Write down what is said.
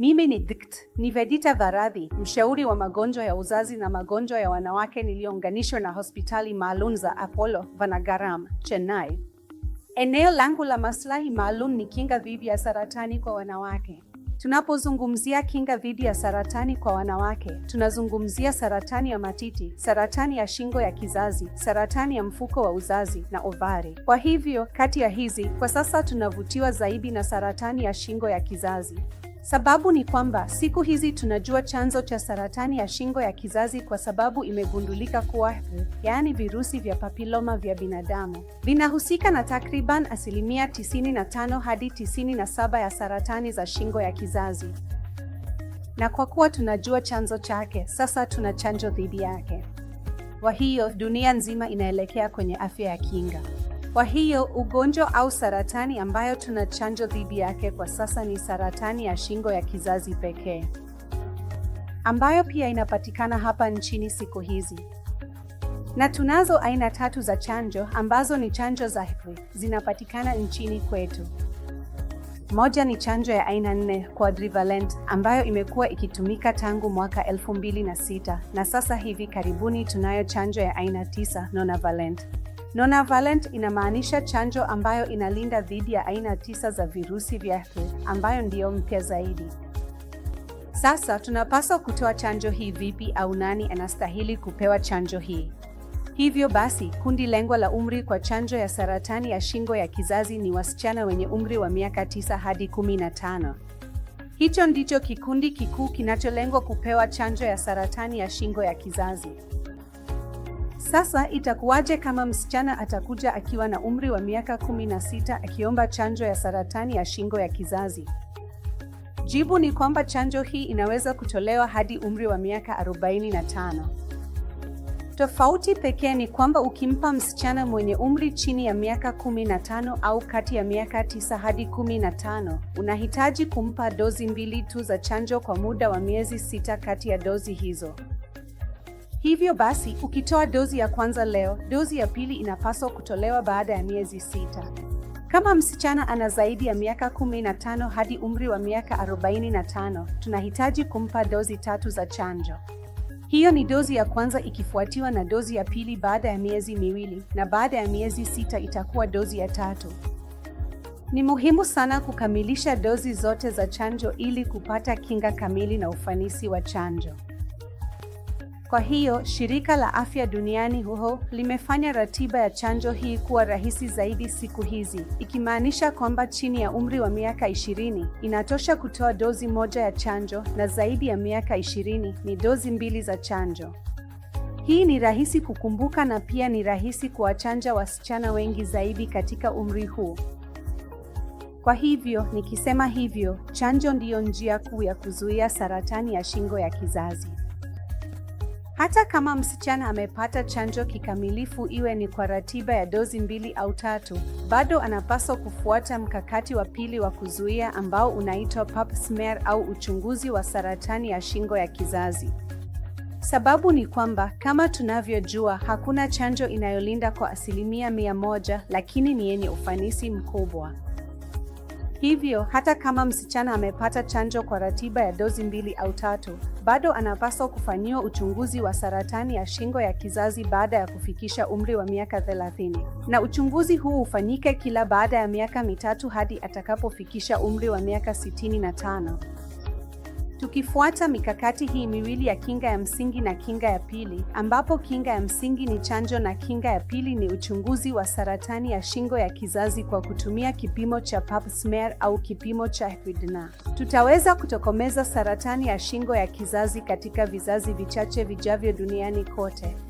Mimi ni Dkt. Nivedita Varadhi, mshauri wa magonjwa ya uzazi na magonjwa ya wanawake niliyounganishwa na hospitali maalum za Apollo Vanagaram, Chennai. Eneo langu la maslahi maalum ni kinga dhidi ya saratani kwa wanawake. Tunapozungumzia kinga dhidi ya saratani kwa wanawake, tunazungumzia saratani ya matiti, saratani ya shingo ya kizazi, saratani ya mfuko wa uzazi na ovari. Kwa hivyo, kati ya hizi, kwa sasa tunavutiwa zaidi na saratani ya shingo ya kizazi. Sababu ni kwamba siku hizi tunajua chanzo cha saratani ya shingo ya kizazi kwa sababu imegundulika kuwa yaani virusi vya papiloma vya binadamu vinahusika na takriban asilimia 95 hadi 97 ya saratani za shingo ya kizazi. Na kwa kuwa tunajua chanzo chake, sasa tuna chanjo dhidi yake. Kwa hiyo dunia nzima inaelekea kwenye afya ya kinga. Kwa hiyo ugonjwa au saratani ambayo tuna chanjo dhidi yake kwa sasa ni saratani ya shingo ya kizazi pekee, ambayo pia inapatikana hapa nchini siku hizi. Na tunazo aina tatu za chanjo ambazo ni chanjo za HPV zinapatikana nchini kwetu. Moja ni chanjo ya aina nne quadrivalent ambayo imekuwa ikitumika tangu mwaka 2006 na sasa hivi karibuni tunayo chanjo ya aina tisa nonavalent. Nonavalent inamaanisha chanjo ambayo inalinda dhidi ya aina tisa za virusi vyake, ambayo ndiyo mpya zaidi. Sasa tunapaswa kutoa chanjo hii vipi, au nani anastahili kupewa chanjo hii? Hivyo basi, kundi lengwa la umri kwa chanjo ya saratani ya shingo ya kizazi ni wasichana wenye umri wa miaka 9 hadi 15. Hicho ndicho kikundi kikuu kinacholengwa kupewa chanjo ya saratani ya shingo ya kizazi. Sasa itakuwaje kama msichana atakuja akiwa na umri wa miaka kumi na sita akiomba chanjo ya saratani ya shingo ya kizazi? Jibu ni kwamba chanjo hii inaweza kutolewa hadi umri wa miaka 45. Tofauti pekee ni kwamba ukimpa msichana mwenye umri chini ya miaka 15 au kati ya miaka 9 hadi 15, unahitaji kumpa dozi mbili tu za chanjo kwa muda wa miezi sita kati ya dozi hizo. Hivyo basi, ukitoa dozi ya kwanza leo, dozi ya pili inapaswa kutolewa baada ya miezi sita. Kama msichana ana zaidi ya miaka 15 hadi umri wa miaka 45, tunahitaji kumpa dozi tatu za chanjo. Hiyo ni dozi ya kwanza ikifuatiwa na dozi ya pili baada ya miezi miwili, na baada ya miezi sita itakuwa dozi ya tatu. Ni muhimu sana kukamilisha dozi zote za chanjo ili kupata kinga kamili na ufanisi wa chanjo. Kwa hiyo shirika la afya duniani WHO limefanya ratiba ya chanjo hii kuwa rahisi zaidi siku hizi, ikimaanisha kwamba chini ya umri wa miaka 20 inatosha kutoa dozi moja ya chanjo na zaidi ya miaka 20 ni dozi mbili za chanjo. Hii ni rahisi kukumbuka na pia ni rahisi kuwachanja wasichana wengi zaidi katika umri huu. Kwa hivyo nikisema hivyo, chanjo ndiyo njia kuu ya kuzuia saratani ya shingo ya kizazi. Hata kama msichana amepata chanjo kikamilifu, iwe ni kwa ratiba ya dozi mbili au tatu, bado anapaswa kufuata mkakati wa pili wa kuzuia ambao unaitwa Pap smear au uchunguzi wa saratani ya shingo ya kizazi. Sababu ni kwamba kama tunavyojua, hakuna chanjo inayolinda kwa asilimia mia moja, lakini ni yenye ufanisi mkubwa. Hivyo hata kama msichana amepata chanjo kwa ratiba ya dozi mbili au tatu, bado anapaswa kufanyiwa uchunguzi wa saratani ya shingo ya kizazi baada ya kufikisha umri wa miaka 30, na uchunguzi huu ufanyike kila baada ya miaka mitatu hadi atakapofikisha umri wa miaka 65. Tukifuata mikakati hii miwili ya kinga ya msingi na kinga ya pili, ambapo kinga ya msingi ni chanjo na kinga ya pili ni uchunguzi wa saratani ya shingo ya kizazi kwa kutumia kipimo cha pap smear au kipimo cha HPDNA, tutaweza kutokomeza saratani ya shingo ya kizazi katika vizazi vichache vijavyo duniani kote.